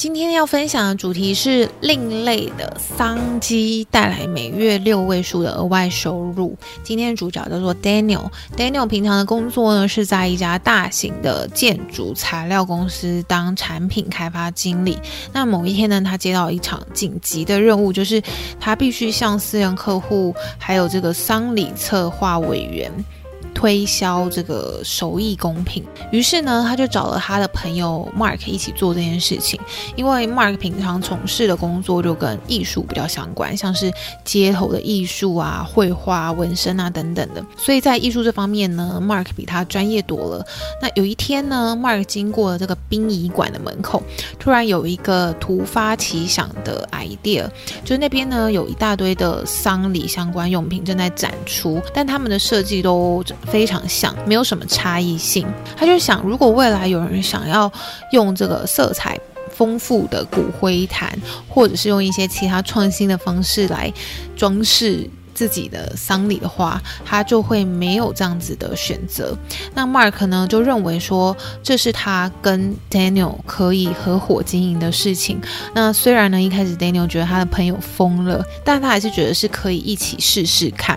今天要分享的主題是另類的商機，帶來每月六位數的額外收入。今天主角叫做 Daniel，Daniel Daniel 平常的工作呢是在一家大型的建築材料公司當產品開發經理。那某一天呢，他接到一場緊急的任務，就是他必須向私人客戶還有這個喪禮策劃委員。推銷這個手工藝品，於是呢，他就找了他的朋友 Mark 一起做這件事情。因為 Mark 平常從事的工作就跟藝術比較相關，像是街頭的藝術啊、繪畫、紋身啊等等的。所以在藝術這方面呢，Mark 比他專業多了。那有一天呢，Mark 經過了這個殯儀館的門口，突然有一個突發奇想的 idea，就那邊呢有一大堆的喪禮相關用品正在展出，但他們的設計都。非常像，沒有什麼差異性。他就想，如果未來有人想要用這個色彩豐富的骨灰罈，或者是用一些其他創新的方式來裝飾自己的喪禮的話，他就會沒有這樣子的選擇。那 Mark 呢，就認為說這是他跟 Daniel 可以合夥經營的事情。那雖然呢，一開始 Daniel 覺得他的朋友瘋了，但他還是覺得是可以一起試試看。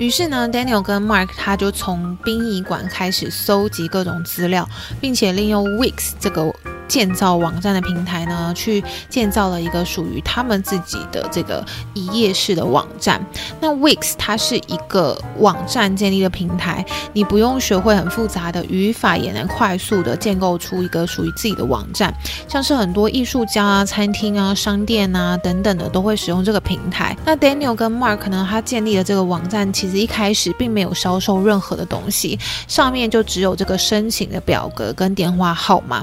於是呢，Daniel 跟 Mark 他就從殯儀館開始蒐集各種資料，並且利用 Wix 這個，建造網站的平台呢，去建造了一個屬於他們自己的這個一頁式的網站。那 Wix 它是一個網站建立的平台，你不用學會很複雜的語法，也能快速的建構出一個屬於自己的網站。像是很多藝術家啊、餐廳啊、商店啊等等的都會使用這個平台。那 Daniel 跟 Mark 呢，他建立的這個網站其實一開始並沒有銷售任何的東西，上面就只有這個申請的表格跟電話號碼。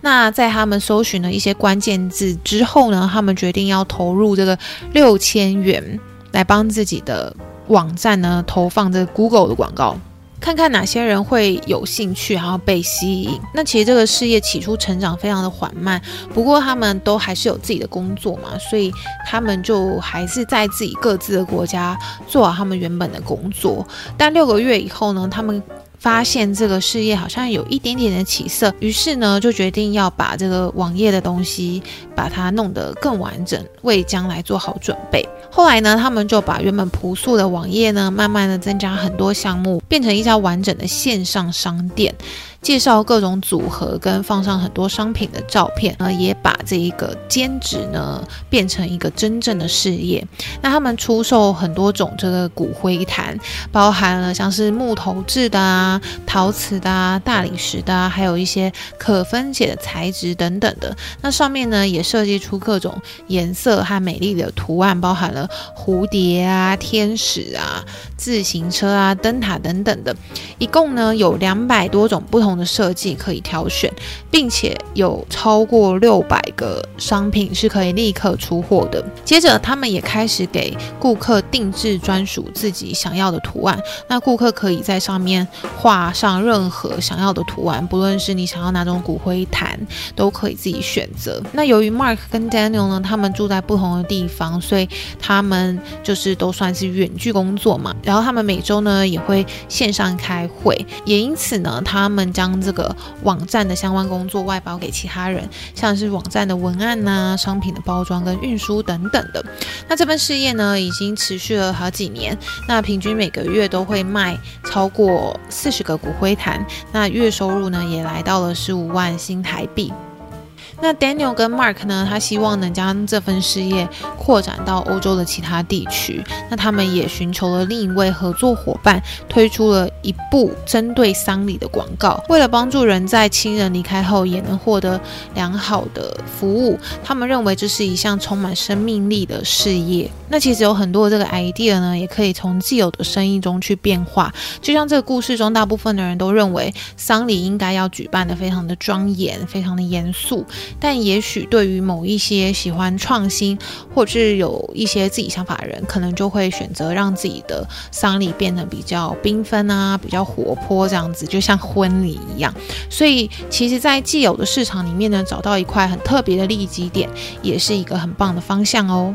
那那在他們搜尋了一些關鍵字之後呢，他們決定要投入這個六千元，來幫自己的網站呢投放這 Google 的廣告，看看哪些人會有興趣，然後被吸引。那其實這個事業起初成長非常的緩慢，不過他們都還是有自己的工作嘛，所以他們就還是在自己各自的國家做好他們原本的工作。但六個月以後呢，他們，發現這個事業好像有一點點的起色，於是呢，就決定要把這個網頁的東西把它弄得更完整，為將來做好準備。後來呢，他們就把原本樸素的網頁呢，慢慢的增加很多項目，變成一家完整的線上商店，介紹各種組合跟放上很多商品的照片，呃，也把這一個兼職呢，變成一個真正的事業。那他們出售很多種這個骨灰罈，包含了像是木頭製的啊。陶瓷的啊，大理石的啊，還有一些可分解的材質等等的。那上面呢，也設計出各種顏色和美麗的圖案，包含了蝴蝶啊、天使啊、自行車啊、燈塔等等的。一共呢有兩百多種不同的設計可以挑選，並且有超過六百個商品是可以立刻出貨的。接着，他們也開始給顧客定製專屬自己想要的圖案。那顧客可以在上面畫上任何想要的圖案，不論是你想要哪種骨灰罈，都可以自己選擇。那由於 Mark 跟 Daniel 呢，他們住在不同的地方，所以他們就是都算是遠距工作嘛。然後他們每週呢也會線上開。會，也因此呢，他們將這個網站的相關工作外包給其他人，像是網站的文案啊，商品的包裝跟運輸等等的。那這份事業呢，已經持續了好幾年，那平均每個月都會賣超過四十個骨灰罈，那月收入呢，也來到了十五萬新台幣。那 Daniel 跟 Mark 呢，他希望能將這份事業擴展到歐洲的其他地區。那他們也尋求了另一位合作夥伴，推出了一部針對喪禮的廣告。為了幫助人在親人離開後也能獲得良好的服務，他們認為這是一項充滿生命力的事業。那其實有很多這個 idea 呢，也可以從既有的生意中去變化。就像這個故事中，大部分的人都認為喪禮應該要舉辦的非常的莊嚴，非常的嚴肅。但也許對於某一些喜歡創新，或是有一些自己想法的人，可能就會選擇讓自己的喪禮變得比較繽紛啊，比較活潑這樣子，就像婚禮一樣。所以，其實，在既有的市場裡面呢，找到一塊很特別的利基點，也是一個很棒的方向哦。